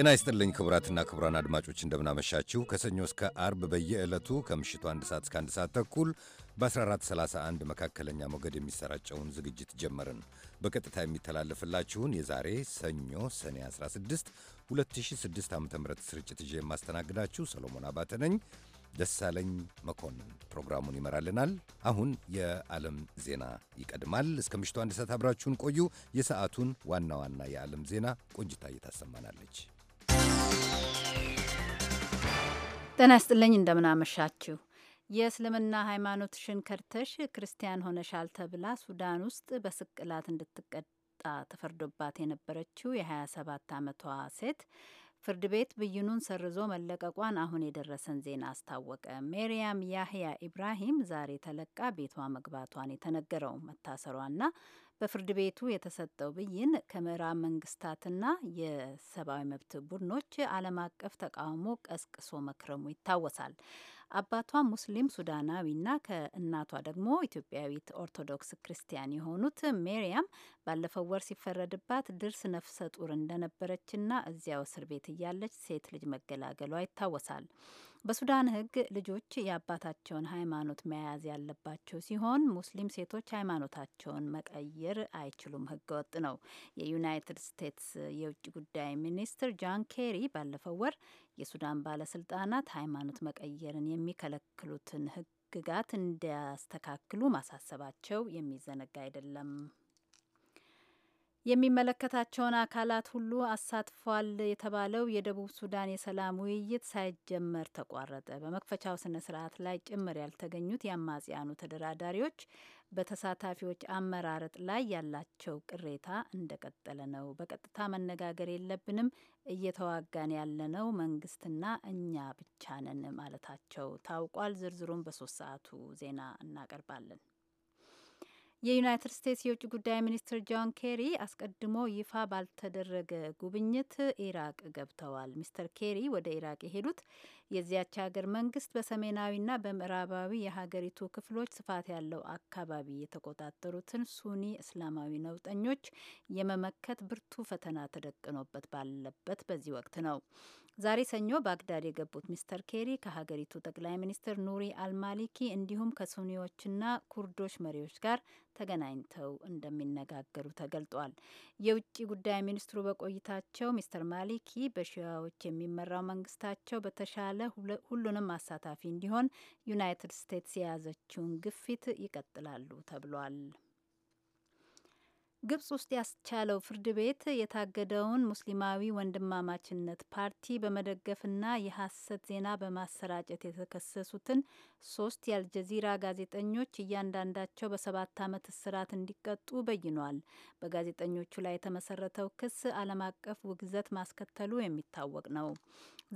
ጤና ይስጥልኝ ክቡራትና ክቡራን አድማጮች እንደምናመሻችሁ። ከሰኞ እስከ አርብ በየዕለቱ ከምሽቱ አንድ ሰዓት እስከ አንድ ሰዓት ተኩል በ1431 መካከለኛ ሞገድ የሚሰራጨውን ዝግጅት ጀመርን። በቀጥታ የሚተላለፍላችሁን የዛሬ ሰኞ ሰኔ 16 2006 ዓ ም ስርጭት ይዤ የማስተናግዳችሁ ሰሎሞን አባተ ነኝ። ደሳለኝ መኮንን ፕሮግራሙን ይመራልናል። አሁን የዓለም ዜና ይቀድማል። እስከ ምሽቱ አንድ ሰዓት አብራችሁን ቆዩ። የሰዓቱን ዋና ዋና የዓለም ዜና ቆንጅታ እየታሰማናለች። ጤና ይስጥልኝ። እንደምናመሻችሁ። የእስልምና ሃይማኖት ሽንከርተሽ ክርስቲያን ሆነሻል ተብላ ሱዳን ውስጥ በስቅላት እንድትቀጣ ተፈርዶባት የነበረችው የ27 ዓመቷ ሴት ፍርድ ቤት ብይኑን ሰርዞ መለቀቋን አሁን የደረሰን ዜና አስታወቀ። ሜሪያም ያህያ ኢብራሂም ዛሬ ተለቃ ቤቷ መግባቷን የተነገረው መታሰሯና በፍርድ ቤቱ የተሰጠው ብይን ከምዕራብ መንግስታትና የሰብአዊ መብት ቡድኖች ዓለም አቀፍ ተቃውሞ ቀስቅሶ መክረሙ ይታወሳል። አባቷ ሙስሊም ሱዳናዊና ከእናቷ ደግሞ ኢትዮጵያዊት ኦርቶዶክስ ክርስቲያን የሆኑት ሜሪያም ባለፈው ወር ሲፈረድባት ድርስ ነፍሰ ጡር እንደነበረችና እዚያው እስር ቤት እያለች ሴት ልጅ መገላገሏ ይታወሳል። በሱዳን ሕግ ልጆች የአባታቸውን ሃይማኖት መያዝ ያለባቸው ሲሆን ሙስሊም ሴቶች ሃይማኖታቸውን መቀየር አይችሉም፣ ህገወጥ ነው። የዩናይትድ ስቴትስ የውጭ ጉዳይ ሚኒስትር ጃን ኬሪ ባለፈው ወር የሱዳን ባለስልጣናት ሃይማኖት መቀየርን የሚከለክሉትን ህግጋት እንዲያስተካክሉ ማሳሰባቸው የሚዘነጋ አይደለም። የሚመለከታቸውን አካላት ሁሉ አሳትፏል የተባለው የደቡብ ሱዳን የሰላም ውይይት ሳይጀመር ተቋረጠ። በመክፈቻው ስነ ስርዓት ላይ ጭምር ያልተገኙት የአማጽያኑ ተደራዳሪዎች በተሳታፊዎች አመራረጥ ላይ ያላቸው ቅሬታ እንደቀጠለ ነው። በቀጥታ መነጋገር የለብንም፣ እየተዋጋን ያለነው መንግስትና እኛ ብቻ ነን ማለታቸው ታውቋል። ዝርዝሩን በሶስት ሰዓቱ ዜና እናቀርባለን። የዩናይትድ ስቴትስ የውጭ ጉዳይ ሚኒስትር ጆን ኬሪ አስቀድሞ ይፋ ባልተደረገ ጉብኝት ኢራቅ ገብተዋል። ሚስተር ኬሪ ወደ ኢራቅ የሄዱት የዚያች ሀገር መንግስት በሰሜናዊና በምዕራባዊ የሀገሪቱ ክፍሎች ስፋት ያለው አካባቢ የተቆጣጠሩትን ሱኒ እስላማዊ ነውጠኞች የመመከት ብርቱ ፈተና ተደቅኖበት ባለበት በዚህ ወቅት ነው። ዛሬ ሰኞ ባግዳድ የገቡት ሚስተር ኬሪ ከሀገሪቱ ጠቅላይ ሚኒስትር ኑሪ አልማሊኪ እንዲሁም ከሱኒዎችና ኩርዶች መሪዎች ጋር ተገናኝተው እንደሚነጋገሩ ተገልጧል። የውጭ ጉዳይ ሚኒስትሩ በቆይታቸው ሚስተር ማሊኪ በሺያዎች የሚመራው መንግስታቸው በተሻለ ሁሉንም አሳታፊ እንዲሆን ዩናይትድ ስቴትስ የያዘችውን ግፊት ይቀጥላሉ ተብሏል። ግብጽ ውስጥ ያስቻለው ፍርድ ቤት የታገደውን ሙስሊማዊ ወንድማማችነት ፓርቲ በመደገፍና የሐሰት ዜና በማሰራጨት የተከሰሱትን ሶስት የአልጀዚራ ጋዜጠኞች እያንዳንዳቸው በሰባት ዓመት እስራት እንዲቀጡ በይኗል። በጋዜጠኞቹ ላይ የተመሰረተው ክስ ዓለም አቀፍ ውግዘት ማስከተሉ የሚታወቅ ነው።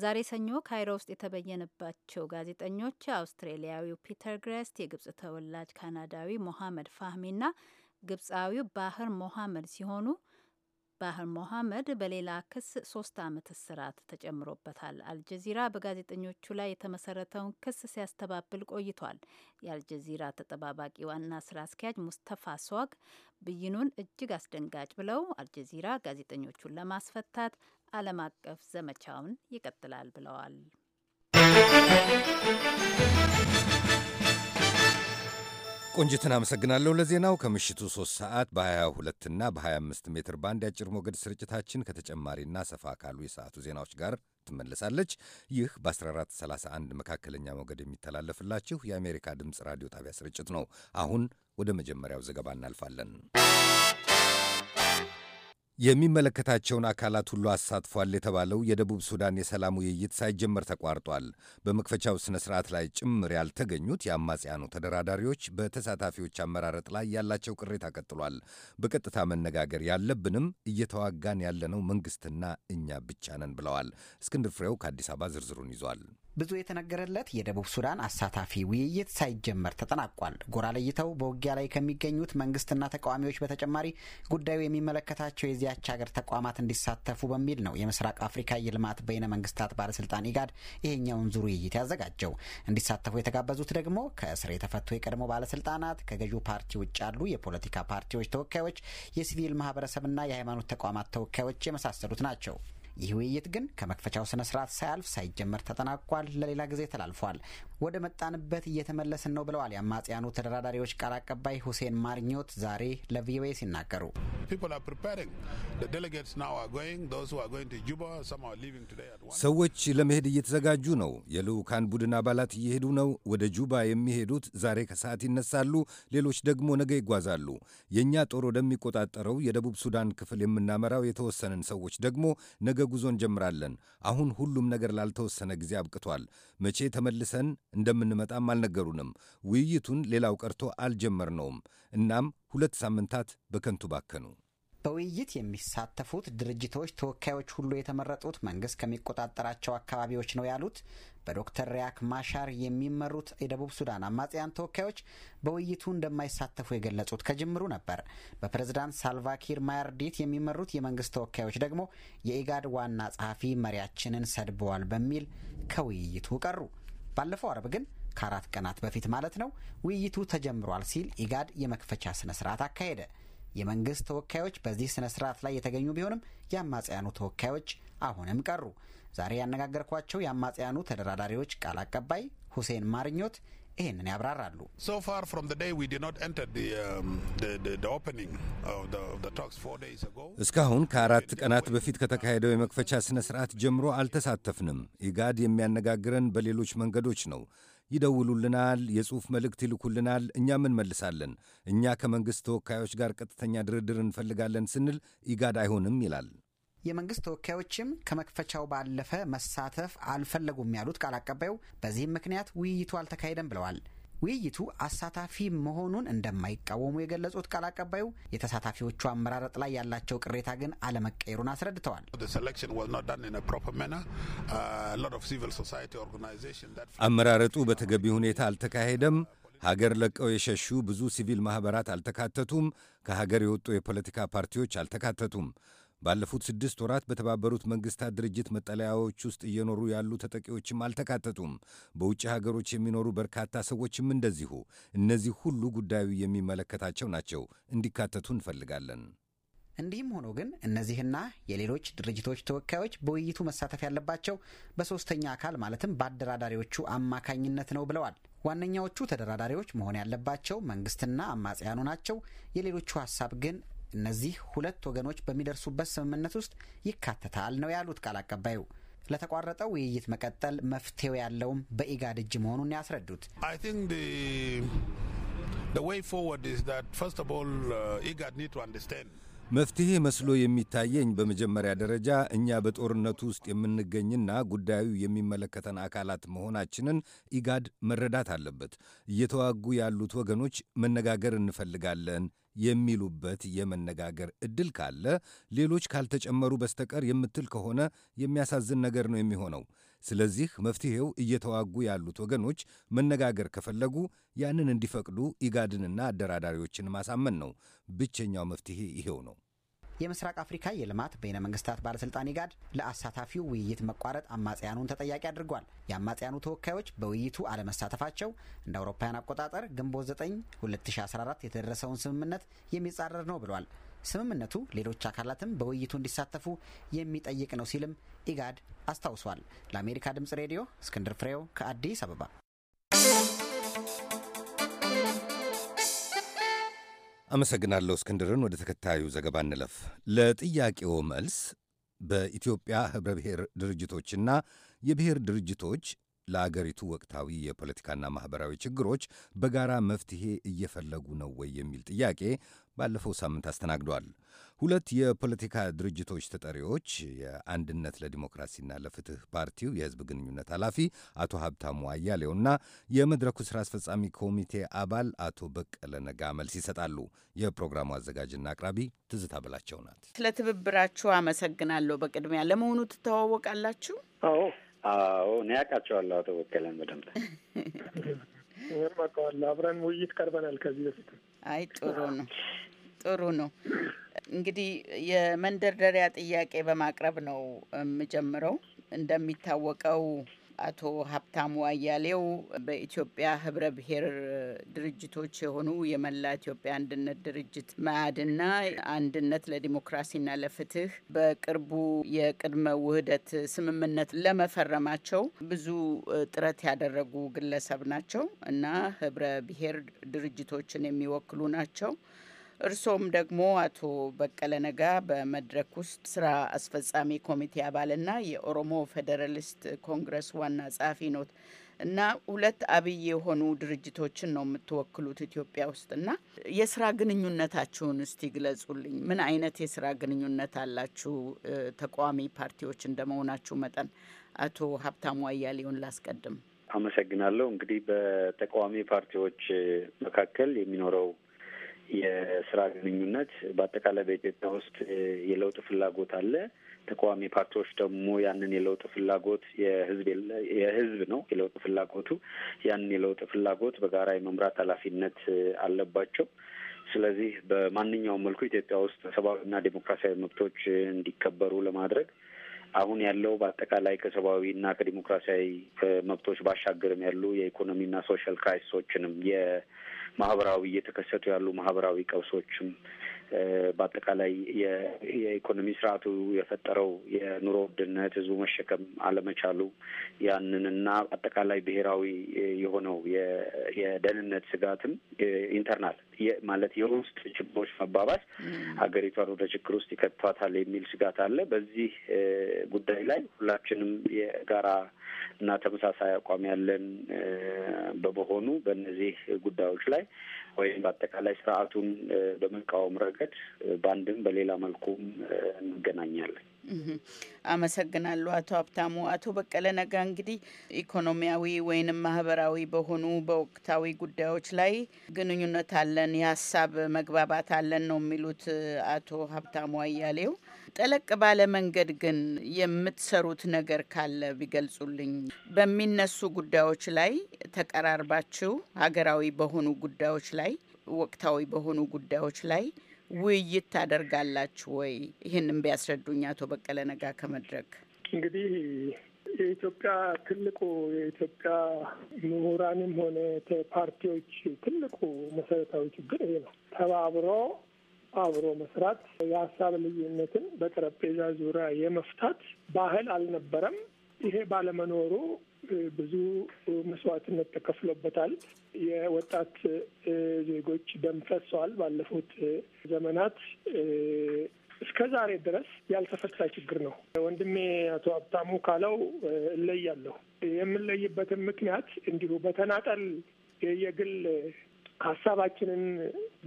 ዛሬ ሰኞ ካይሮ ውስጥ የተበየነባቸው ጋዜጠኞች አውስትሬሊያዊው ፒተር ግሬስት፣ የግብጽ ተወላጅ ካናዳዊ ሞሐመድ ፋህሚና ግብፃዊው ባህር ሞሐመድ ሲሆኑ ባህር ሞሐመድ በሌላ ክስ ሶስት ዓመት እስራት ተጨምሮበታል። አልጀዚራ በጋዜጠኞቹ ላይ የተመሰረተውን ክስ ሲያስተባብል ቆይቷል። የአልጀዚራ ተጠባባቂ ዋና ስራ አስኪያጅ ሙስተፋ ስዋግ ብይኑን እጅግ አስደንጋጭ ብለው አልጀዚራ ጋዜጠኞቹን ለማስፈታት ዓለም አቀፍ ዘመቻውን ይቀጥላል ብለዋል። ቆንጅትን አመሰግናለሁ ለዜናው። ከምሽቱ 3 ሰዓት በ22 እና በ25 ሜትር ባንድ የአጭር ሞገድ ስርጭታችን ከተጨማሪና ሰፋ ካሉ የሰዓቱ ዜናዎች ጋር ትመለሳለች። ይህ በ1431 መካከለኛ ሞገድ የሚተላለፍላችሁ የአሜሪካ ድምፅ ራዲዮ ጣቢያ ስርጭት ነው። አሁን ወደ መጀመሪያው ዘገባ እናልፋለን። የሚመለከታቸውን አካላት ሁሉ አሳትፏል የተባለው የደቡብ ሱዳን የሰላም ውይይት ሳይጀመር ተቋርጧል። በመክፈቻው ስነ ስርዓት ላይ ጭምር ያልተገኙት የአማጽያኑ ተደራዳሪዎች በተሳታፊዎች አመራረጥ ላይ ያላቸው ቅሬታ ቀጥሏል። በቀጥታ መነጋገር ያለብንም እየተዋጋን ያለነው መንግስትና እኛ ብቻ ነን ብለዋል። እስክንድር ፍሬው ከአዲስ አበባ ዝርዝሩን ይዟል። ብዙ የተነገረለት የደቡብ ሱዳን አሳታፊ ውይይት ሳይጀመር ተጠናቋል። ጎራ ለይተው በውጊያ ላይ ከሚገኙት መንግስትና ተቃዋሚዎች በተጨማሪ ጉዳዩ የሚመለከታቸው የዚያች ሀገር ተቋማት እንዲሳተፉ በሚል ነው የምስራቅ አፍሪካ የልማት በይነ መንግስታት ባለስልጣን ኢጋድ ይሄኛውን ዙር ውይይት ያዘጋጀው። እንዲሳተፉ የተጋበዙት ደግሞ ከእስር የተፈቱ የቀድሞ ባለስልጣናት፣ ከገዢው ፓርቲ ውጭ ያሉ የፖለቲካ ፓርቲዎች ተወካዮች፣ የሲቪል ማህበረሰብና የሃይማኖት ተቋማት ተወካዮች የመሳሰሉት ናቸው። ይህ ውይይት ግን ከመክፈቻው ስነ ስርዓት ሳያልፍ ሳይጀመር ተጠናቋል፣ ለሌላ ጊዜ ተላልፏል። ወደ መጣንበት እየተመለስን ነው ብለዋል የአማጽያኑ ተደራዳሪዎች ቃል አቀባይ ሁሴን ማርኞት ዛሬ ለቪኦኤ ሲናገሩ። ሰዎች ለመሄድ እየተዘጋጁ ነው። የልዑካን ቡድን አባላት እየሄዱ ነው። ወደ ጁባ የሚሄዱት ዛሬ ከሰዓት ይነሳሉ፣ ሌሎች ደግሞ ነገ ይጓዛሉ። የእኛ ጦር ወደሚቆጣጠረው የደቡብ ሱዳን ክፍል የምናመራው የተወሰንን ሰዎች ደግሞ ነገ ጉዞ እንጀምራለን። አሁን ሁሉም ነገር ላልተወሰነ ጊዜ አብቅቷል። መቼ ተመልሰን እንደምንመጣም አልነገሩንም። ውይይቱን ሌላው ቀርቶ አልጀመርነውም። እናም ሁለት ሳምንታት በከንቱ ባከኑ። በውይይት የሚሳተፉት ድርጅቶች ተወካዮች ሁሉ የተመረጡት መንግስት ከሚቆጣጠራቸው አካባቢዎች ነው ያሉት በዶክተር ሪያክ ማሻር የሚመሩት የደቡብ ሱዳን አማጽያን ተወካዮች በውይይቱ እንደማይሳተፉ የገለጹት ከጅምሩ ነበር። በፕሬዝዳንት ሳልቫኪር ማያርዲት የሚመሩት የመንግስት ተወካዮች ደግሞ የኢጋድ ዋና ጸሐፊ መሪያችንን ሰድበዋል በሚል ከውይይቱ ቀሩ። ባለፈው አርብ ግን ከአራት ቀናት በፊት ማለት ነው ውይይቱ ተጀምሯል ሲል ኢጋድ የመክፈቻ ስነ ስርዓት አካሄደ። የመንግስት ተወካዮች በዚህ ስነ ስርዓት ላይ የተገኙ ቢሆንም የአማጽያኑ ተወካዮች አሁንም ቀሩ። ዛሬ ያነጋገርኳቸው የአማጽያኑ ተደራዳሪዎች ቃል አቀባይ ሁሴን ማርኞት ይህንን ያብራራሉ። እስካሁን ከአራት ቀናት በፊት ከተካሄደው የመክፈቻ ሥነ ሥርዓት ጀምሮ አልተሳተፍንም። ኢጋድ የሚያነጋግረን በሌሎች መንገዶች ነው። ይደውሉልናል፣ የጽሑፍ መልእክት ይልኩልናል፣ እኛም እንመልሳለን። እኛ ከመንግሥት ተወካዮች ጋር ቀጥተኛ ድርድር እንፈልጋለን ስንል ኢጋድ አይሆንም ይላል። የመንግስት ተወካዮችም ከመክፈቻው ባለፈ መሳተፍ አልፈለጉም ያሉት ቃል አቀባዩ፣ በዚህም ምክንያት ውይይቱ አልተካሄደም ብለዋል። ውይይቱ አሳታፊ መሆኑን እንደማይቃወሙ የገለጹት ቃል አቀባዩ የተሳታፊዎቹ አመራረጥ ላይ ያላቸው ቅሬታ ግን አለመቀየሩን አስረድተዋል። አመራረጡ በተገቢ ሁኔታ አልተካሄደም። ሀገር ለቀው የሸሹ ብዙ ሲቪል ማኅበራት አልተካተቱም። ከሀገር የወጡ የፖለቲካ ፓርቲዎች አልተካተቱም። ባለፉት ስድስት ወራት በተባበሩት መንግስታት ድርጅት መጠለያዎች ውስጥ እየኖሩ ያሉ ተጠቂዎችም አልተካተቱም። በውጭ ሀገሮች የሚኖሩ በርካታ ሰዎችም እንደዚሁ። እነዚህ ሁሉ ጉዳዩ የሚመለከታቸው ናቸው። እንዲካተቱ እንፈልጋለን። እንዲህም ሆኖ ግን እነዚህና የሌሎች ድርጅቶች ተወካዮች በውይይቱ መሳተፍ ያለባቸው በሶስተኛ አካል ማለትም በአደራዳሪዎቹ አማካኝነት ነው ብለዋል። ዋነኛዎቹ ተደራዳሪዎች መሆን ያለባቸው መንግስትና አማጽያኑ ናቸው። የሌሎቹ ሀሳብ ግን እነዚህ ሁለት ወገኖች በሚደርሱበት ስምምነት ውስጥ ይካተታል ነው ያሉት ቃል አቀባዩ። ለተቋረጠው ውይይት መቀጠል መፍትሄው ያለውም በኢጋድ እጅ መሆኑን ያስረዱት uh, መፍትሄ መስሎ የሚታየኝ በመጀመሪያ ደረጃ እኛ በጦርነቱ ውስጥ የምንገኝና ጉዳዩ የሚመለከተን አካላት መሆናችንን ኢጋድ መረዳት አለበት። እየተዋጉ ያሉት ወገኖች መነጋገር እንፈልጋለን የሚሉበት የመነጋገር እድል ካለ ሌሎች ካልተጨመሩ በስተቀር የምትል ከሆነ የሚያሳዝን ነገር ነው የሚሆነው። ስለዚህ መፍትሔው እየተዋጉ ያሉት ወገኖች መነጋገር ከፈለጉ ያንን እንዲፈቅዱ ኢጋድንና አደራዳሪዎችን ማሳመን ነው። ብቸኛው መፍትሔ ይሄው ነው። የምስራቅ አፍሪካ የልማት በይነ መንግስታት ባለስልጣን ኢጋድ ለአሳታፊው ውይይት መቋረጥ አማጽያኑን ተጠያቂ አድርጓል። የአማጽያኑ ተወካዮች በውይይቱ አለመሳተፋቸው እንደ አውሮፓውያን አቆጣጠር ግንቦት 9 2014 የተደረሰውን ስምምነት የሚጻረር ነው ብሏል። ስምምነቱ ሌሎች አካላትም በውይይቱ እንዲሳተፉ የሚጠይቅ ነው ሲልም ኢጋድ አስታውሷል። ለአሜሪካ ድምጽ ሬዲዮ እስክንድር ፍሬው ከአዲስ አበባ አመሰግናለሁ እስክንድርን። ወደ ተከታዩ ዘገባ እንለፍ። ለጥያቄው መልስ በኢትዮጵያ ኅብረ ብሔር ድርጅቶችና የብሔር ድርጅቶች ለአገሪቱ ወቅታዊ የፖለቲካና ማኅበራዊ ችግሮች በጋራ መፍትሄ እየፈለጉ ነው ወይ የሚል ጥያቄ ባለፈው ሳምንት አስተናግዷል። ሁለት የፖለቲካ ድርጅቶች ተጠሪዎች የአንድነት ለዲሞክራሲና ለፍትህ ፓርቲው የህዝብ ግንኙነት ኃላፊ አቶ ሀብታሙ አያሌውና የመድረኩ ሥራ አስፈጻሚ ኮሚቴ አባል አቶ በቀለ ነጋ መልስ ይሰጣሉ። የፕሮግራሙ አዘጋጅና አቅራቢ ትዝታ በላቸው ናት። ስለ ትብብራችሁ አመሰግናለሁ። በቅድሚያ ለመሆኑ ትተዋወቃላችሁ? አዎ አዎ እኔ አውቃቸዋለሁ። አቶ በቀለን በደንብ ይህም አውቀዋለሁ። አብረን ውይይት ቀርበናል ከዚህ በፊት። አይ ጥሩ ነው ጥሩ ነው። እንግዲህ የመንደርደሪያ ጥያቄ በማቅረብ ነው የምጀምረው። እንደሚታወቀው አቶ ሀብታሙ አያሌው በኢትዮጵያ ህብረ ብሔር ድርጅቶች የሆኑ የመላ ኢትዮጵያ አንድነት ድርጅት መአድና አንድነት ለዲሞክራሲና ለፍትህ በቅርቡ የቅድመ ውህደት ስምምነት ለመፈረማቸው ብዙ ጥረት ያደረጉ ግለሰብ ናቸው እና ህብረ ብሔር ድርጅቶችን የሚወክሉ ናቸው። እርሶም ደግሞ አቶ በቀለ ነጋ በመድረክ ውስጥ ስራ አስፈጻሚ ኮሚቴ አባልና የኦሮሞ ፌዴራሊስት ኮንግረስ ዋና ጸሐፊ ኖት እና ሁለት አብይ የሆኑ ድርጅቶችን ነው የምትወክሉት ኢትዮጵያ ውስጥና የስራ ግንኙነታችሁን እስቲ ግለጹልኝ። ምን አይነት የስራ ግንኙነት አላችሁ? ተቃዋሚ ፓርቲዎች እንደመሆናችሁ መጠን አቶ ሀብታሙ አያሌውን ላስቀድም። አመሰግናለሁ። እንግዲህ በተቃዋሚ ፓርቲዎች መካከል የሚኖረው የስራ ግንኙነት በአጠቃላይ በኢትዮጵያ ውስጥ የለውጥ ፍላጎት አለ። ተቃዋሚ ፓርቲዎች ደግሞ ያንን የለውጥ ፍላጎት የህዝብ የህዝብ ነው የለውጥ ፍላጎቱ ያንን የለውጥ ፍላጎት በጋራ የመምራት ኃላፊነት አለባቸው። ስለዚህ በማንኛውም መልኩ ኢትዮጵያ ውስጥ ሰብአዊና ዴሞክራሲያዊ መብቶች እንዲከበሩ ለማድረግ አሁን ያለው በአጠቃላይ ከሰብአዊና ከዲሞክራሲያዊ መብቶች ባሻገርም ያሉ የኢኮኖሚና ሶሻል ክራይሲሶችንም ማህበራዊ እየተከሰቱ ያሉ ማህበራዊ ቀውሶችም በአጠቃላይ የኢኮኖሚ ስርዓቱ የፈጠረው የኑሮ ውድነት ህዝቡ መሸከም አለመቻሉ ያንንና አጠቃላይ ብሔራዊ የሆነው የደህንነት ስጋትም ኢንተርናል ማለት የውስጥ ችግሮች መባባስ ሀገሪቷን ወደ ችግር ውስጥ ይከቷታል የሚል ስጋት አለ። በዚህ ጉዳይ ላይ ሁላችንም የጋራ እና ተመሳሳይ አቋም ያለን በመሆኑ በእነዚህ ጉዳዮች ላይ ወይም በአጠቃላይ ስርዓቱን በመቃወም ረገድ በአንድም በሌላ መልኩም እንገናኛለን። አመሰግናለሁ አቶ ሀብታሙ። አቶ በቀለ ነጋ እንግዲህ ኢኮኖሚያዊ ወይንም ማህበራዊ በሆኑ በወቅታዊ ጉዳዮች ላይ ግንኙነት አለን፣ የሀሳብ መግባባት አለን ነው የሚሉት አቶ ሀብታሙ አያሌው። ጠለቅ ባለ መንገድ ግን የምትሰሩት ነገር ካለ ቢገልጹልኝ። በሚነሱ ጉዳዮች ላይ ተቀራርባችሁ ሀገራዊ በሆኑ ጉዳዮች ላይ ወቅታዊ በሆኑ ጉዳዮች ላይ ውይይት ታደርጋላችሁ ወይ? ይህንም ቢያስረዱኝ አቶ በቀለ ነጋ ከመድረክ። እንግዲህ የኢትዮጵያ ትልቁ የኢትዮጵያ ምሁራንም ሆነ ፓርቲዎች ትልቁ መሰረታዊ ችግር ይሄ ነው። ተባብሮ አብሮ መስራት፣ የሀሳብ ልዩነትን በጠረጴዛ ዙሪያ የመፍታት ባህል አልነበረም። ይሄ ባለመኖሩ ብዙ መስዋዕትነት ተከፍሎበታል። የወጣት ዜጎች ደም ፈሰዋል። ባለፉት ዘመናት እስከ ዛሬ ድረስ ያልተፈታ ችግር ነው። ወንድሜ አቶ ሀብታሙ ካለው እለያለሁ። የምንለይበትን ምክንያት እንዲሁ በተናጠል የግል ሀሳባችንን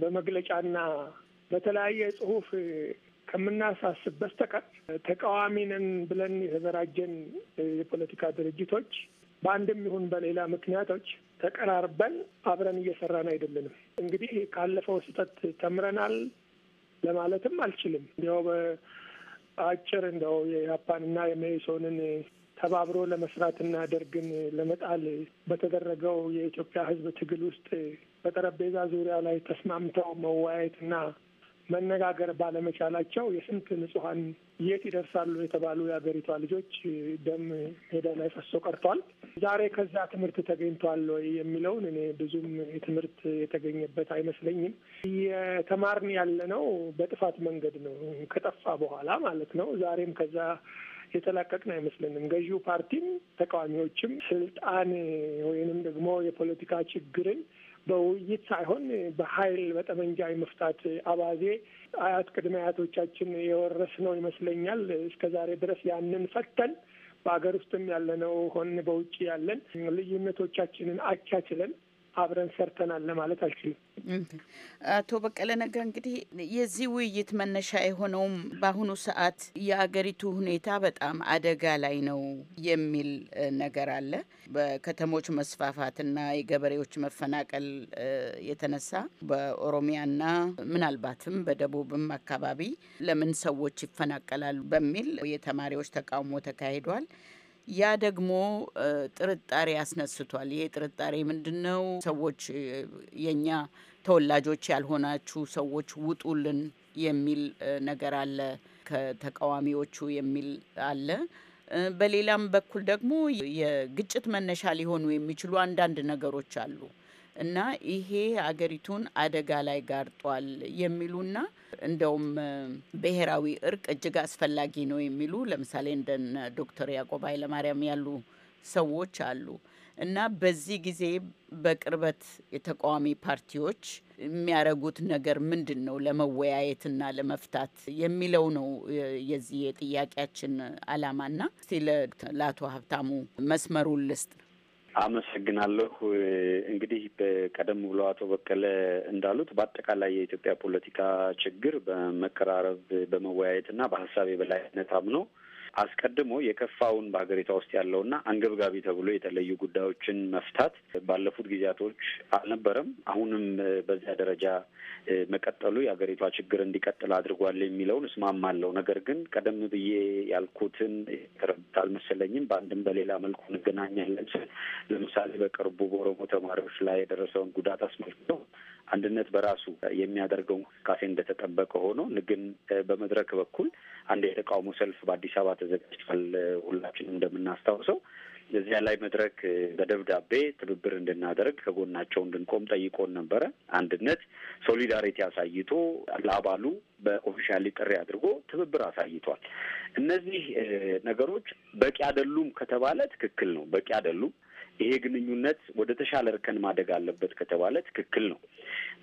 በመግለጫና በተለያየ ጽሁፍ ከምናሳስብ በስተቀር ተቃዋሚንን ብለን የተደራጀን የፖለቲካ ድርጅቶች በአንድም ይሁን በሌላ ምክንያቶች ተቀራርበን አብረን እየሰራን አይደለንም። እንግዲህ ካለፈው ስህተት ተምረናል ለማለትም አልችልም። እንዲያው በአጭር እንደው የጃፓንና የመኢሶንን ተባብሮ ለመስራትና ደርግን ለመጣል በተደረገው የኢትዮጵያ ሕዝብ ትግል ውስጥ በጠረጴዛ ዙሪያ ላይ ተስማምተው መወያየትና መነጋገር ባለመቻላቸው የስንት ንጹሀን የት ይደርሳሉ የተባሉ የሀገሪቷ ልጆች ደም ሜዳ ላይ ፈሶ ቀርቷል። ዛሬ ከዛ ትምህርት ተገኝቷል ወይ የሚለውን እኔ ብዙም ትምህርት የተገኘበት አይመስለኝም። የተማርን ያለነው በጥፋት መንገድ ነው፣ ከጠፋ በኋላ ማለት ነው። ዛሬም ከዛ የተላቀቅን አይመስለንም። ገዢው ፓርቲም ተቃዋሚዎችም ስልጣን ወይንም ደግሞ የፖለቲካ ችግርን በውይይት ሳይሆን በኃይል በጠመንጃ መፍታት አባዜ አያት ቅድመ አያቶቻችን የወረስነው ይመስለኛል። እስከ ዛሬ ድረስ ያንን ፈተን በሀገር ውስጥም ያለነው ሆን በውጭ ያለን ልዩነቶቻችንን አቻችለን አብረን ሰርተናል ለማለት አልችልም። አቶ በቀለ ነጋ፣ እንግዲህ የዚህ ውይይት መነሻ የሆነውም በአሁኑ ሰዓት የአገሪቱ ሁኔታ በጣም አደጋ ላይ ነው የሚል ነገር አለ። በከተሞች መስፋፋትና የገበሬዎች መፈናቀል የተነሳ በኦሮሚያና ምናልባትም በደቡብም አካባቢ ለምን ሰዎች ይፈናቀላሉ በሚል የተማሪዎች ተቃውሞ ተካሂዷል። ያ ደግሞ ጥርጣሬ አስነስቷል። ይሄ ጥርጣሬ ምንድን ነው? ሰዎች የእኛ ተወላጆች ያልሆናችሁ ሰዎች ውጡልን የሚል ነገር አለ፣ ከተቃዋሚዎቹ የሚል አለ። በሌላም በኩል ደግሞ የግጭት መነሻ ሊሆኑ የሚችሉ አንዳንድ ነገሮች አሉ። እና ይሄ አገሪቱን አደጋ ላይ ጋርጧል የሚሉና እንደውም ብሔራዊ እርቅ እጅግ አስፈላጊ ነው የሚሉ ለምሳሌ እንደነ ዶክተር ያዕቆብ ኃይለማርያም ያሉ ሰዎች አሉ። እና በዚህ ጊዜ በቅርበት የተቃዋሚ ፓርቲዎች የሚያረጉት ነገር ምንድን ነው ለመወያየትና ለመፍታት የሚለው ነው የዚህ የጥያቄያችን አላማና። እስቲ ለአቶ ሀብታሙ መስመሩን ልስጥ። አመሰግናለሁ። እንግዲህ በቀደም ብሎ አቶ በቀለ እንዳሉት በአጠቃላይ የኢትዮጵያ ፖለቲካ ችግር በመቀራረብ በመወያየትና በሀሳብ የበላይነት አምኖ አስቀድሞ የከፋውን በሀገሪቷ ውስጥ ያለውና አንገብጋቢ ተብሎ የተለዩ ጉዳዮችን መፍታት ባለፉት ጊዜያቶች አልነበረም። አሁንም በዚያ ደረጃ መቀጠሉ የሀገሪቷ ችግር እንዲቀጥል አድርጓል የሚለውን እስማማለሁ። ነገር ግን ቀደም ብዬ ያልኩትን የተረዳህ አልመሰለኝም። በአንድም በሌላ መልኩ እንገናኛለን። ለምሳሌ በቅርቡ በኦሮሞ ተማሪዎች ላይ የደረሰውን ጉዳት አስመልክቶ አንድነት በራሱ የሚያደርገው እንቅስቃሴ እንደተጠበቀ ሆኖ ግን በመድረክ በኩል አንድ የተቃውሞ ሰልፍ በአዲስ አበባ ተዘጋጅቷል። ሁላችንም እንደምናስታውሰው እዚያ ላይ መድረክ በደብዳቤ ትብብር እንድናደርግ ከጎናቸው እንድንቆም ጠይቆን ነበረ። አንድነት ሶሊዳሪቲ አሳይቶ ለአባሉ በኦፊሻሊ ጥሪ አድርጎ ትብብር አሳይቷል። እነዚህ ነገሮች በቂ አይደሉም ከተባለ ትክክል ነው፣ በቂ አይደሉም። ይሄ ግንኙነት ወደ ተሻለ እርከን ማደግ አለበት ከተባለ ትክክል ነው።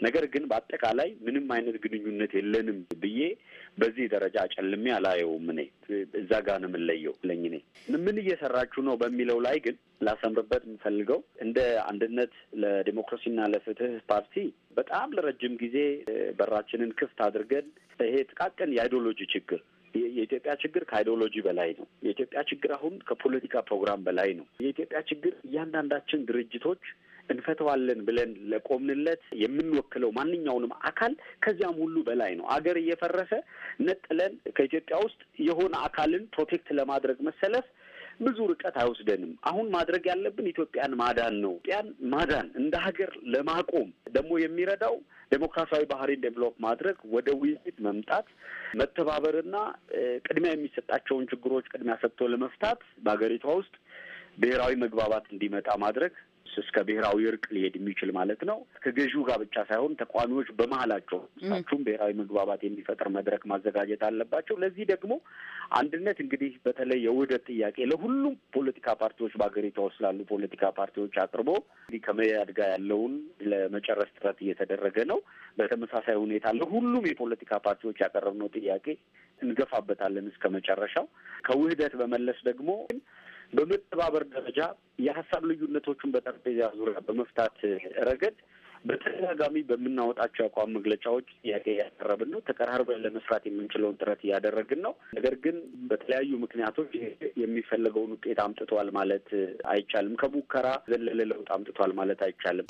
ነገር ግን በአጠቃላይ ምንም አይነት ግንኙነት የለንም ብዬ በዚህ ደረጃ አጨልሜ አላየውም። እኔ እዛ ጋር ነው የምለየው ለኝ እኔ ምን እየሰራችሁ ነው በሚለው ላይ ግን ላሰምርበት የምፈልገው እንደ አንድነት ለዲሞክራሲና ለፍትህ ፓርቲ በጣም ለረጅም ጊዜ በራችንን ክፍት አድርገን ይሄ ጥቃቅን የአይዲዮሎጂ ችግር የኢትዮጵያ ችግር ከአይዲዮሎጂ በላይ ነው። የኢትዮጵያ ችግር አሁን ከፖለቲካ ፕሮግራም በላይ ነው። የኢትዮጵያ ችግር እያንዳንዳችን ድርጅቶች እንፈተዋለን ብለን ለቆምንለት የምንወክለው ማንኛውንም አካል ከዚያም ሁሉ በላይ ነው። አገር እየፈረሰ ነጥለን ከኢትዮጵያ ውስጥ የሆነ አካልን ፕሮቴክት ለማድረግ መሰለፍ ብዙ ርቀት አይወስደንም። አሁን ማድረግ ያለብን ኢትዮጵያን ማዳን ነው። ኢትዮጵያን ማዳን እንደ ሀገር ለማቆም ደግሞ የሚረዳው ዴሞክራሲያዊ ባህሪን ዴቨሎፕ ማድረግ፣ ወደ ውይይት መምጣት፣ መተባበርና ቅድሚያ የሚሰጣቸውን ችግሮች ቅድሚያ ሰጥቶ ለመፍታት በሀገሪቷ ውስጥ ብሔራዊ መግባባት እንዲመጣ ማድረግ እስከ ብሔራዊ እርቅ ሊሄድ የሚችል ማለት ነው። ከገዢው ጋር ብቻ ሳይሆን ተቋሚዎች በመሀላቸው እሳቸውም ብሔራዊ መግባባት የሚፈጥር መድረክ ማዘጋጀት አለባቸው። ለዚህ ደግሞ አንድነት እንግዲህ በተለይ የውህደት ጥያቄ ለሁሉም ፖለቲካ ፓርቲዎች በሀገሪቷ ውስጥ ላሉ ፖለቲካ ፓርቲዎች አቅርቦ እንግዲህ ከመያድ ጋር ያለውን ለመጨረስ ጥረት እየተደረገ ነው። በተመሳሳይ ሁኔታ ለሁሉም የፖለቲካ ፓርቲዎች ያቀረብነው ጥያቄ እንገፋበታለን እስከ መጨረሻው ከውህደት በመለስ ደግሞ በመተባበር ደረጃ የሀሳብ ልዩነቶችን በጠረጴዛ ዙሪያ በመፍታት ረገድ በተደጋጋሚ በምናወጣቸው የአቋም መግለጫዎች ጥያቄ እያቀረብን ነው። ተቀራርበን ለመስራት የምንችለውን ጥረት እያደረግን ነው። ነገር ግን በተለያዩ ምክንያቶች የሚፈለገውን ውጤት አምጥቷል ማለት አይቻልም። ከሙከራ ዘለለ ለውጥ አምጥቷል ማለት አይቻልም።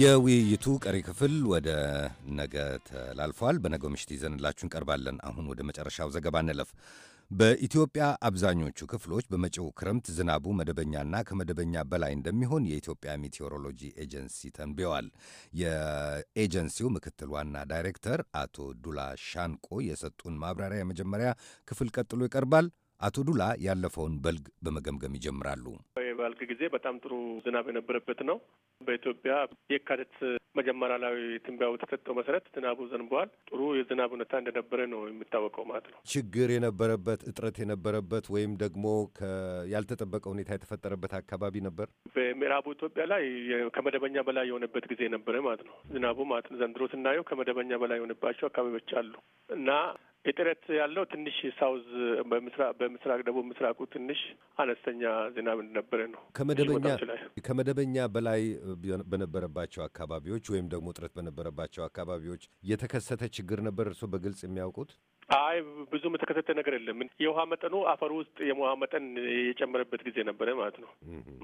የውይይቱ ቀሪ ክፍል ወደ ነገ ተላልፏል። በነገው ምሽት ይዘንላችሁ እንቀርባለን። አሁን ወደ መጨረሻው ዘገባ እንለፍ። በኢትዮጵያ አብዛኞቹ ክፍሎች በመጪው ክረምት ዝናቡ መደበኛና ከመደበኛ በላይ እንደሚሆን የኢትዮጵያ ሜቴዎሮሎጂ ኤጀንሲ ተንብየዋል። የኤጀንሲው ምክትል ዋና ዳይሬክተር አቶ ዱላ ሻንቆ የሰጡን ማብራሪያ የመጀመሪያ ክፍል ቀጥሎ ይቀርባል። አቶ ዱላ ያለፈውን በልግ በመገምገም ይጀምራሉ። ባልክ ጊዜ በጣም ጥሩ ዝናብ የነበረበት ነው። በኢትዮጵያ የካቲት መጀመሪያ ላይ ትንበያው የተሰጠው መሰረት ዝናቡ ዘንበዋል። ጥሩ የዝናብ ሁኔታ እንደነበረ ነው የሚታወቀው ማለት ነው። ችግር የነበረበት እጥረት የነበረበት ወይም ደግሞ ያልተጠበቀ ሁኔታ የተፈጠረበት አካባቢ ነበር። በምዕራቡ ኢትዮጵያ ላይ ከመደበኛ በላይ የሆነበት ጊዜ ነበረ ማለት ነው። ዝናቡ ማለት ነው። ዘንድሮ ስናየው ከመደበኛ በላይ የሆነባቸው አካባቢዎች አሉ እና እጥረት ያለው ትንሽ ሳውዝ በምስራቅ ደቡብ ምስራቁ ትንሽ አነስተኛ ዝናብ እንደነበረ ነው። ከመደበኛ ከመደበኛ በላይ በነበረባቸው አካባቢዎች ወይም ደግሞ እጥረት በነበረባቸው አካባቢዎች የተከሰተ ችግር ነበር እርስዎ በግልጽ የሚያውቁት? አይ ብዙም የተከሰተ ነገር የለም። የውሃ መጠኑ አፈር ውስጥ የውሃ መጠን የጨመረበት ጊዜ ነበረ ማለት ነው።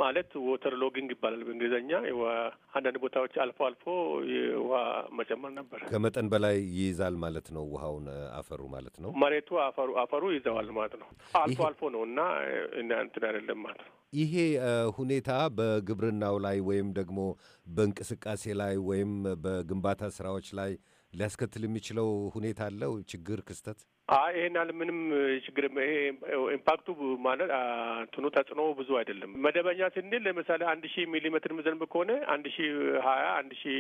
ማለት ወተር ሎጊንግ ይባላል በእንግሊዝኛ። አንዳንድ ቦታዎች አልፎ አልፎ የውሃ መጨመር ነበር። ከመጠን በላይ ይይዛል ማለት ነው። ውሃውን አፈሩ ማለት ነው። መሬቱ አፈሩ አፈሩ ይዘዋል ማለት ነው። አልፎ አልፎ ነው እና እንትን አይደለም ማለት ነው። ይሄ ሁኔታ በግብርናው ላይ ወይም ደግሞ በእንቅስቃሴ ላይ ወይም በግንባታ ስራዎች ላይ ሊያስከትል የሚችለው ሁኔታ አለው ችግር ክስተት ይሄን ያህል ምንም ችግር ይሄ ኢምፓክቱ ማለት እንትኑ ተጽዕኖ ብዙ አይደለም። መደበኛ ስንል ለምሳሌ አንድ ሺህ ሚሊሜትር የሚዘንብ ከሆነ አንድ ሺህ ሀያ አንድ ሺህ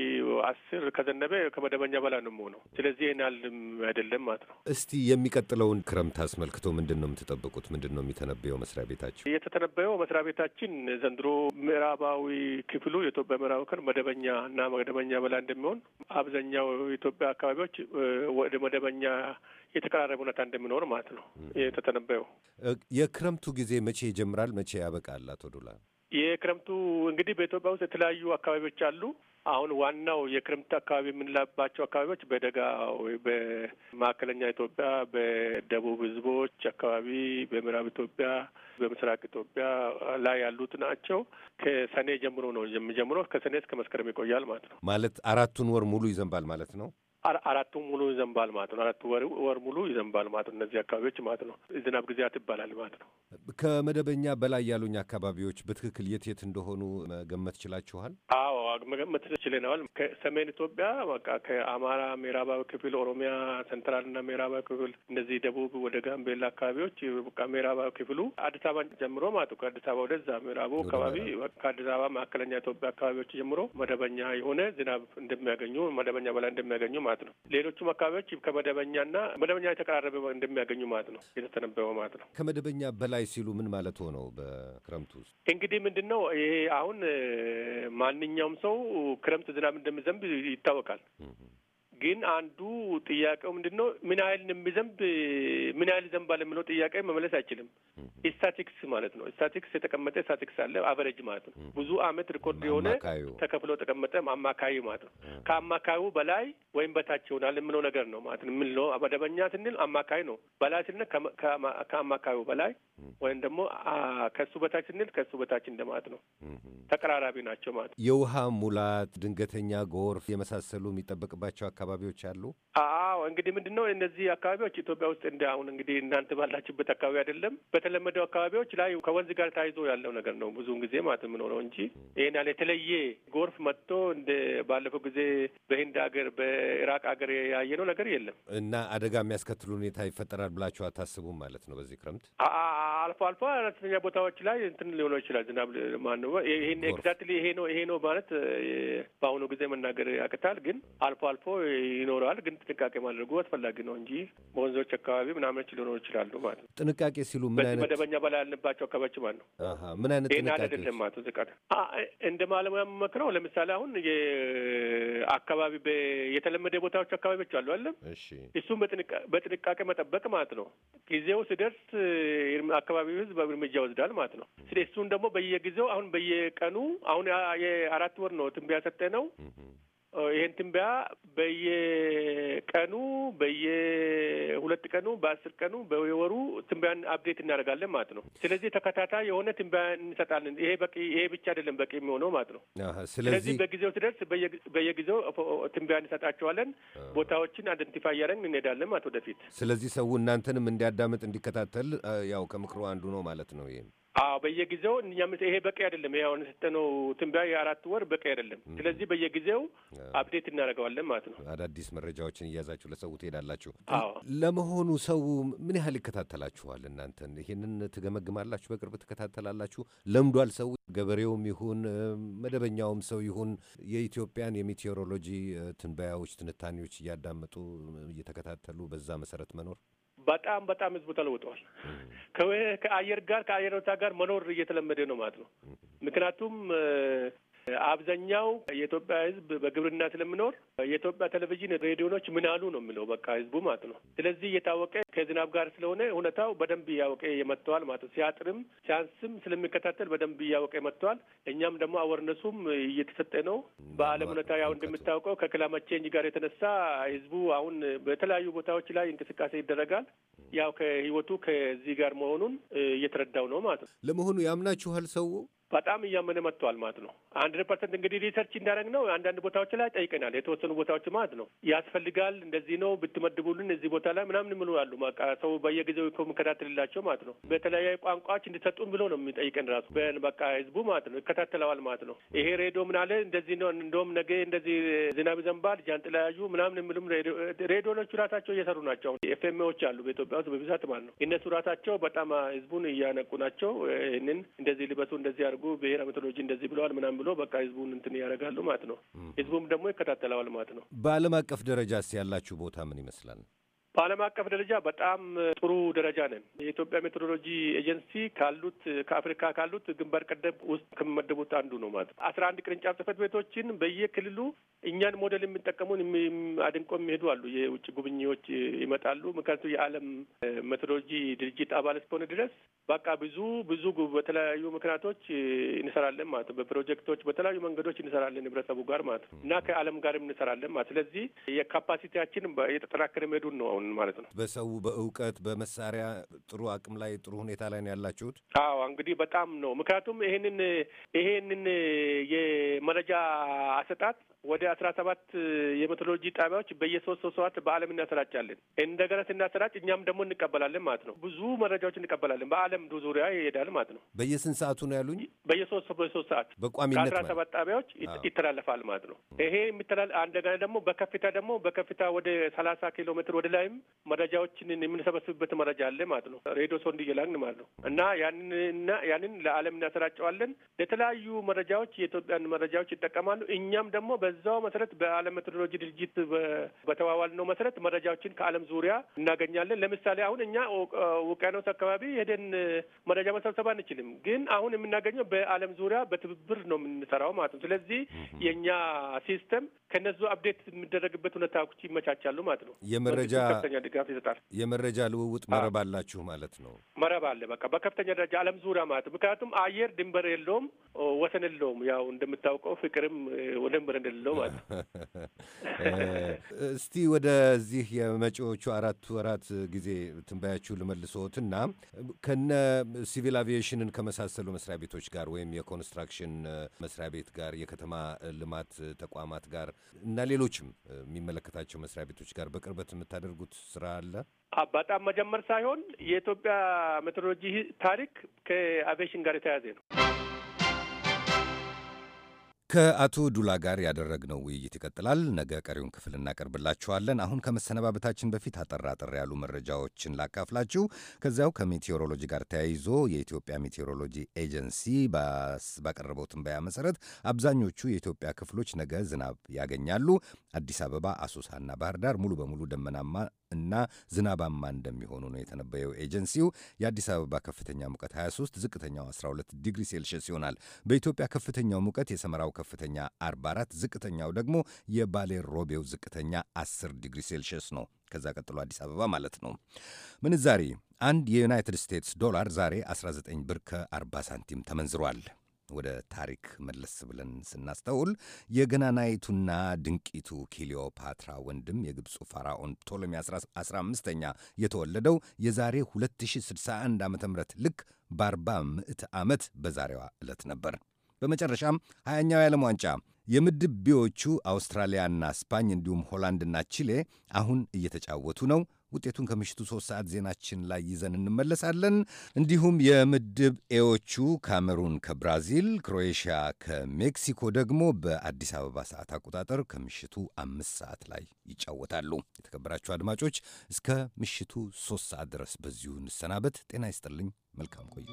አስር ከዘነበ ከመደበኛ በላይ ነው የሚሆነው። ስለዚህ ይሄን ያህል አይደለም ማለት ነው። እስቲ የሚቀጥለውን ክረምት አስመልክቶ ምንድን ነው የምትጠብቁት? ምንድን ነው የሚተነበየው መስሪያ ቤታችን? የተተነበየው መስሪያ ቤታችን ዘንድሮ ምዕራባዊ ክፍሉ የኢትዮጵያ ምዕራብ ክፍል መደበኛ እና መደበኛ በላይ እንደሚሆን አብዛኛው የኢትዮጵያ አካባቢዎች ወደ መደበኛ የተቀራረበ ሁኔታ እንደሚኖር ማለት ነው የተተነበየው። የክረምቱ ጊዜ መቼ ይጀምራል? መቼ ያበቃል? አቶ ዱላ፣ የክረምቱ እንግዲህ በኢትዮጵያ ውስጥ የተለያዩ አካባቢዎች አሉ። አሁን ዋናው የክረምት አካባቢ የምንላባቸው አካባቢዎች በደጋ በማዕከለኛ ኢትዮጵያ፣ በደቡብ ህዝቦች አካባቢ፣ በምዕራብ ኢትዮጵያ፣ በምስራቅ ኢትዮጵያ ላይ ያሉት ናቸው። ከሰኔ ጀምሮ ነው የሚጀምረው። ከሰኔ እስከ መስከረም ይቆያል ማለት ነው። ማለት አራቱን ወር ሙሉ ይዘንባል ማለት ነው። አራቱ ሙሉ ይዘንባል ማለት ነው። አራቱ ወር ሙሉ ይዘንባል ማለት ነው። እነዚህ አካባቢዎች ማለት ነው የዝናብ ጊዜያት ይባላል ማለት ነው። ከመደበኛ በላይ ያሉኝ አካባቢዎች በትክክል የት የት እንደሆኑ መገመት ችላችኋል? አዎ መገመት ችለናል። ከሰሜን ኢትዮጵያ በቃ ከአማራ ምዕራባዊ ክፍል ኦሮሚያ፣ ሴንትራልና ምዕራባዊ ክፍል እነዚህ ደቡብ ወደ ጋምቤላ አካባቢዎች በቃ ምዕራባዊ ክፍሉ አዲስ አበባ ጀምሮ ማለት ከአዲስ አበባ ወደዛ ምዕራቡ አካባቢ ከአዲስ አበባ መካከለኛ ኢትዮጵያ አካባቢዎች ጀምሮ መደበኛ የሆነ ዝናብ እንደሚያገኙ መደበኛ በላይ እንደሚያገኙ ማለት ማለት ነው። ሌሎቹም አካባቢዎች ከመደበኛና መደበኛ የተቀራረበ እንደሚያገኙ ማለት ነው የተተነበበ ማለት ነው። ከመደበኛ በላይ ሲሉ ምን ማለት ሆነው? በክረምቱ ውስጥ እንግዲህ ምንድን ነው ይሄ አሁን ማንኛውም ሰው ክረምት ዝናብ እንደሚዘንብ ይታወቃል። ግን አንዱ ጥያቄው ምንድን ነው? ምን ያህል የሚዘንብ ምን ያህል ይዘንባል የሚለው ጥያቄ መመለስ አይችልም። ስታቲክስ ማለት ነው። ስታቲክስ የተቀመጠ ስታቲክስ አለ፣ አቨሬጅ ማለት ነው። ብዙ አመት ሪኮርድ የሆነ ተከፍሎ ተቀመጠ አማካዩ ማለት ነው። ከአማካዩ በላይ ወይም በታች ይሆናል የምለው ነገር ነው ማለት ነው። የምንለው መደበኛ ስንል አማካይ ነው። በላይ ስንል ከአማካዩ በላይ ወይም ደግሞ ከእሱ በታች ስንል ከእሱ በታች እንደማለት ነው። ተቀራራቢ ናቸው ማለት ነው። የውሃ ሙላት፣ ድንገተኛ ጎርፍ የመሳሰሉ የሚጠበቅባቸው አካባቢ አካባቢዎች አሉ? አዎ እንግዲህ ምንድን ነው እነዚህ አካባቢዎች ኢትዮጵያ ውስጥ እንደ አሁን እንግዲህ እናንተ ባላችሁበት አካባቢ አይደለም። በተለመደው አካባቢዎች ላይ ከወንዝ ጋር ተያይዞ ያለው ነገር ነው ብዙውን ጊዜ ማለት የምኖረው እንጂ ይህን ያለ የተለየ ጎርፍ መጥቶ እንደ ባለፈው ጊዜ በህንድ ሀገር፣ በኢራቅ ሀገር ያየነው ነገር የለም እና አደጋ የሚያስከትል ሁኔታ ይፈጠራል ብላችሁ አታስቡም ማለት ነው በዚህ ክረምት? አልፎ አልፎ አነስተኛ ቦታዎች ላይ እንትን ሊሆነው ይችላል። ዝናብ ማነው ይሄን ኤግዛክትሊ ይሄ ነው ይሄ ነው ማለት በአሁኑ ጊዜ መናገር ያቅታል። ግን አልፎ አልፎ ይኖረዋል። ግን ጥንቃቄ ማድረጉ አስፈላጊ ነው እንጂ በወንዞች አካባቢ ምናምኖች ሊኖሩ ይችላሉ ማለት ነው። ጥንቃቄ ሲሉ ምን አይነት መደበኛ በላይ ያልንባቸው አካባቢዎች ማለት ነው። ምን አይነት ጥንቃቄ አይደለም ማለት እንደ ማለሙያ መክረው ለምሳሌ አሁን አካባቢ የተለመደ ቦታዎች አካባቢዎች አሉ አለም እሱም በጥንቃቄ መጠበቅ ማለት ነው። ጊዜው ሲደርስ የአካባቢው ህዝብ እርምጃ ይወስዳል ማለት ነው። ስለ እሱን ደግሞ በየጊዜው አሁን በየቀኑ አሁን የአራት ወር ነው ትንቢያ ሰጠ ነው ይህን ትንበያ በየቀኑ በየሁለት ቀኑ በአስር ቀኑ በየወሩ ትንበያን አፕዴት እናደርጋለን ማለት ነው። ስለዚህ ተከታታይ የሆነ ትንበያ እንሰጣለን። ይሄ በቂ ይሄ ብቻ አይደለም በቂ የሚሆነው ማለት ነው። ስለዚህ በጊዜው ስደርስ በየጊዜው ትንበያ እንሰጣቸዋለን። ቦታዎችን አይደንቲፋይ እያደረግን እንሄዳለን ማለት ወደፊት። ስለዚህ ሰው እናንተንም እንዲያዳምጥ እንዲከታተል ያው ከምክሩ አንዱ ነው ማለት ነው ይሄም አዎ በየጊዜው ይሄ በቂ አይደለም። ይሄ አሁን የሰጠነው ትንበያ የአራት ወር በቂ አይደለም። ስለዚህ በየጊዜው አፕዴት እናደርገዋለን ማለት ነው። አዳዲስ መረጃዎችን እያዛችሁ ለሰው ትሄዳላችሁ። አዎ ለመሆኑ ሰው ምን ያህል ይከታተላችኋል? እናንተን ይህንን ትገመግማላችሁ? በቅርብ ትከታተላላችሁ? ለምዷል ሰው ገበሬውም ይሁን መደበኛውም ሰው ይሁን የኢትዮጵያን የሜቴዎሮሎጂ ትንበያዎች፣ ትንታኔዎች እያዳመጡ እየተከታተሉ በዛ መሰረት መኖር በጣም በጣም ህዝቡ ተለውጠዋል። ከአየር ጋር ከአየር ወታ ጋር መኖር እየተለመደ ነው ማለት ነው። ምክንያቱም አብዛኛው የኢትዮጵያ ህዝብ በግብርና ስለምኖር የኢትዮጵያ ቴሌቪዥን ሬዲዮኖች ምን አሉ ነው የሚለው በቃ ህዝቡ ማለት ነው። ስለዚህ እየታወቀ ከዝናብ ጋር ስለሆነ ሁኔታው በደንብ እያወቀ የመጥተዋል ማለት ነው። ሲያጥርም ሲያንስም ስለሚከታተል በደንብ እያወቀ መጥተዋል። እኛም ደግሞ አወርነሱም እየተሰጠ ነው። በዓለም ሁኔታ ያው እንደምታውቀው ከክላይሜት ቼንጅ ጋር የተነሳ ህዝቡ አሁን በተለያዩ ቦታዎች ላይ እንቅስቃሴ ይደረጋል። ያው ከህይወቱ ከዚህ ጋር መሆኑን እየተረዳው ነው ማለት ነው። ለመሆኑ ያምናችኋል ሰው በጣም እያመነ መጥቷል ማለት ነው። አንድ ፐርሰንት እንግዲህ ሪሰርች እንዳደረግ ነው አንዳንድ ቦታዎች ላይ ጠይቀናል። የተወሰኑ ቦታዎች ማለት ነው ያስፈልጋል፣ እንደዚህ ነው ብትመድቡልን እዚህ ቦታ ላይ ምናምን ምሉ አሉ። ሰው በየጊዜው እኮ ማለት ነው። በተለያዩ ቋንቋዎች እንድሰጡን ብሎ ነው የሚጠይቀን ራሱ በቃ ህዝቡ ማለት ነው ይከታተለዋል ማለት ነው። ይሄ ሬዲዮ ምናለ እንደዚህ ነው፣ እንደውም ነገ እንደዚህ ዝናብ ዘንባል ጃንጥላ ያዩ ምናምን የሚሉም ሬዲዮኖቹ ራሳቸው እየሰሩ ናቸው። ኤፍኤምዎች አሉ በኢትዮጵያ ውስጥ በብዛት ማለት ነው። እነሱ ራሳቸው በጣም ህዝቡን እያነቁ ናቸው። ይህንን እንደዚህ ልበሱ እንደዚህ አድርጉ፣ ብሔራዊ ሜቶዶሎጂ እንደዚህ ብለዋል ምናምን ብሎ በቃ ህዝቡን እንትን ያደርጋሉ ማለት ነው። ህዝቡም ደግሞ ይከታተለዋል ማለት ነው። በዓለም አቀፍ ደረጃ ስ ያላችሁ ቦታ ምን ይመስላል? በዓለም አቀፍ ደረጃ በጣም ጥሩ ደረጃ ነን። የኢትዮጵያ ሜትሮሎጂ ኤጀንሲ ካሉት ከአፍሪካ ካሉት ግንባር ቀደም ውስጥ ከሚመደቡት አንዱ ነው ማለት አስራ አንድ ቅርንጫፍ ጽህፈት ቤቶችን በየክልሉ እኛን ሞዴል የሚጠቀሙን አድንቆ የሚሄዱ አሉ። የውጭ ጉብኝዎች ይመጣሉ። ምክንያቱ የዓለም ሜትሮሎጂ ድርጅት አባል እስከሆነ ድረስ በቃ ብዙ ብዙ በተለያዩ ምክንያቶች እንሰራለን ማለት ነው። በፕሮጀክቶች በተለያዩ መንገዶች እንሰራለን ህብረተሰቡ ጋር ማለት ነው እና ከዓለም ጋርም እንሰራለን ማለት ስለዚህ የካፓሲቲያችን የተጠናከረ መሄዱን ነው አሁን አሁን ማለት ነው። በሰው በእውቀት በመሳሪያ ጥሩ አቅም ላይ ጥሩ ሁኔታ ላይ ነው ያላችሁት? አዎ እንግዲህ በጣም ነው። ምክንያቱም ይሄንን ይሄንን የመረጃ አሰጣጥ ወደ አስራ ሰባት የሜትሮሎጂ ጣቢያዎች በየሶስት ሶስት ሰዓት በዓለም እናሰራጫለን። እንደገና ስናሰራጭ እኛም ደግሞ እንቀበላለን ማለት ነው። ብዙ መረጃዎች እንቀበላለን። በዓለም ዙሪያ ይሄዳል ማለት ነው። በየስንት ሰዓቱ ነው ያሉኝ? በየሶስት በሶስት ሰዓት በቋሚነት ከአስራ ሰባት ጣቢያዎች ይተላለፋል ማለት ነው። ይሄ የሚተላል እንደገና ደግሞ በከፍታ ደግሞ በከፍታ ወደ ሰላሳ ኪሎ ሜትር ወደ ላይም መረጃዎችን የምንሰበስብበት መረጃ አለ ማለት ነው። ሬዲዮ ሶንድ እየላግን ማለት ነው እና ያንንና ያንን ለዓለም እናሰራጨዋለን። ለተለያዩ መረጃዎች የኢትዮጵያን መረጃዎች ይጠቀማሉ። እኛም ደግሞ በ በዛው መሰረት በዓለም ሜትሮሎጂ ድርጅት በተዋዋልነው መሰረት መረጃዎችን ከዓለም ዙሪያ እናገኛለን። ለምሳሌ አሁን እኛ ውቅያኖስ አካባቢ ሄደን መረጃ መሰብሰብ አንችልም፣ ግን አሁን የምናገኘው በዓለም ዙሪያ በትብብር ነው የምንሰራው ማለት ነው። ስለዚህ የእኛ ሲስተም ከነዙ አፕዴት የሚደረግበት ሁኔታዎች ይመቻቻሉ ማለት ነው። የመረጃ ከፍተኛ ድጋፍ ይሰጣል። የመረጃ ልውውጥ መረብ አላችሁ ማለት ነው። መረብ አለ በቃ በከፍተኛ ደረጃ ዓለም ዙሪያ ማለት ነው። ምክንያቱም አየር ድንበር የለውም፣ ወሰን የለውም። ያው እንደምታውቀው ፍቅርም ድንበር እንደሌለው አለው ማለት ነው። እስቲ ወደዚህ የመጪዎቹ አራት ወራት ጊዜ ትንበያችሁ ልመልሶትና ከነ ሲቪል አቪዬሽንን ከመሳሰሉ መስሪያ ቤቶች ጋር ወይም የኮንስትራክሽን መስሪያ ቤት ጋር፣ የከተማ ልማት ተቋማት ጋር እና ሌሎችም የሚመለከታቸው መስሪያ ቤቶች ጋር በቅርበት የምታደርጉት ስራ አለ? በጣም መጀመር ሳይሆን የኢትዮጵያ ሜትሮሎጂ ታሪክ ከአቪዬሽን ጋር የተያያዘ ነው። ከአቶ ዱላ ጋር ያደረግነው ውይይት ይቀጥላል። ነገ ቀሪውን ክፍል እናቀርብላችኋለን። አሁን ከመሰነባበታችን በፊት አጠራጠር ያሉ መረጃዎችን ላካፍላችሁ። ከዚያው ከሜቴዎሮሎጂ ጋር ተያይዞ የኢትዮጵያ ሜቴዎሮሎጂ ኤጀንሲ ባቀረበው ትንበያ መሰረት አብዛኞቹ የኢትዮጵያ ክፍሎች ነገ ዝናብ ያገኛሉ። አዲስ አበባ፣ አሶሳና ባህር ዳር ሙሉ በሙሉ ደመናማ እና ዝናባማ እንደሚሆኑ ነው የተነበየው። ኤጀንሲው የአዲስ አበባ ከፍተኛ ሙቀት 23፣ ዝቅተኛው 12 ዲግሪ ሴልሽስ ይሆናል። በኢትዮጵያ ከፍተኛው ሙቀት የሰመራው ከፍተኛ 44፣ ዝቅተኛው ደግሞ የባሌ ሮቤው ዝቅተኛ 10 ዲግሪ ሴልሽስ ነው። ከዛ ቀጥሎ አዲስ አበባ ማለት ነው። ምንዛሪ አንድ የዩናይትድ ስቴትስ ዶላር ዛሬ 19 ብር ከ40 ሳንቲም ተመንዝሯል። ወደ ታሪክ መለስ ብለን ስናስተውል የገናናይቱና ድንቂቱ ኪሊዮፓትራ ወንድም የግብፁ ፈራኦን ፕቶሎሚ 15ኛ የተወለደው የዛሬ 2061 ዓ ም ልክ በ40 ምዕት ዓመት በዛሬዋ ዕለት ነበር። በመጨረሻም 20ኛው የዓለም ዋንጫ የምድብ ቢዎቹ አውስትራሊያና ስፓኝ እንዲሁም ሆላንድና ቺሌ አሁን እየተጫወቱ ነው። ውጤቱን ከምሽቱ ሶስት ሰዓት ዜናችን ላይ ይዘን እንመለሳለን። እንዲሁም የምድብ ኤዎቹ ካሜሩን ከብራዚል፣ ክሮኤሽያ ከሜክሲኮ ደግሞ በአዲስ አበባ ሰዓት አቆጣጠር ከምሽቱ አምስት ሰዓት ላይ ይጫወታሉ። የተከበራችሁ አድማጮች እስከ ምሽቱ ሶስት ሰዓት ድረስ በዚሁ እንሰናበት። ጤና ይስጥልኝ። መልካም ቆይታ።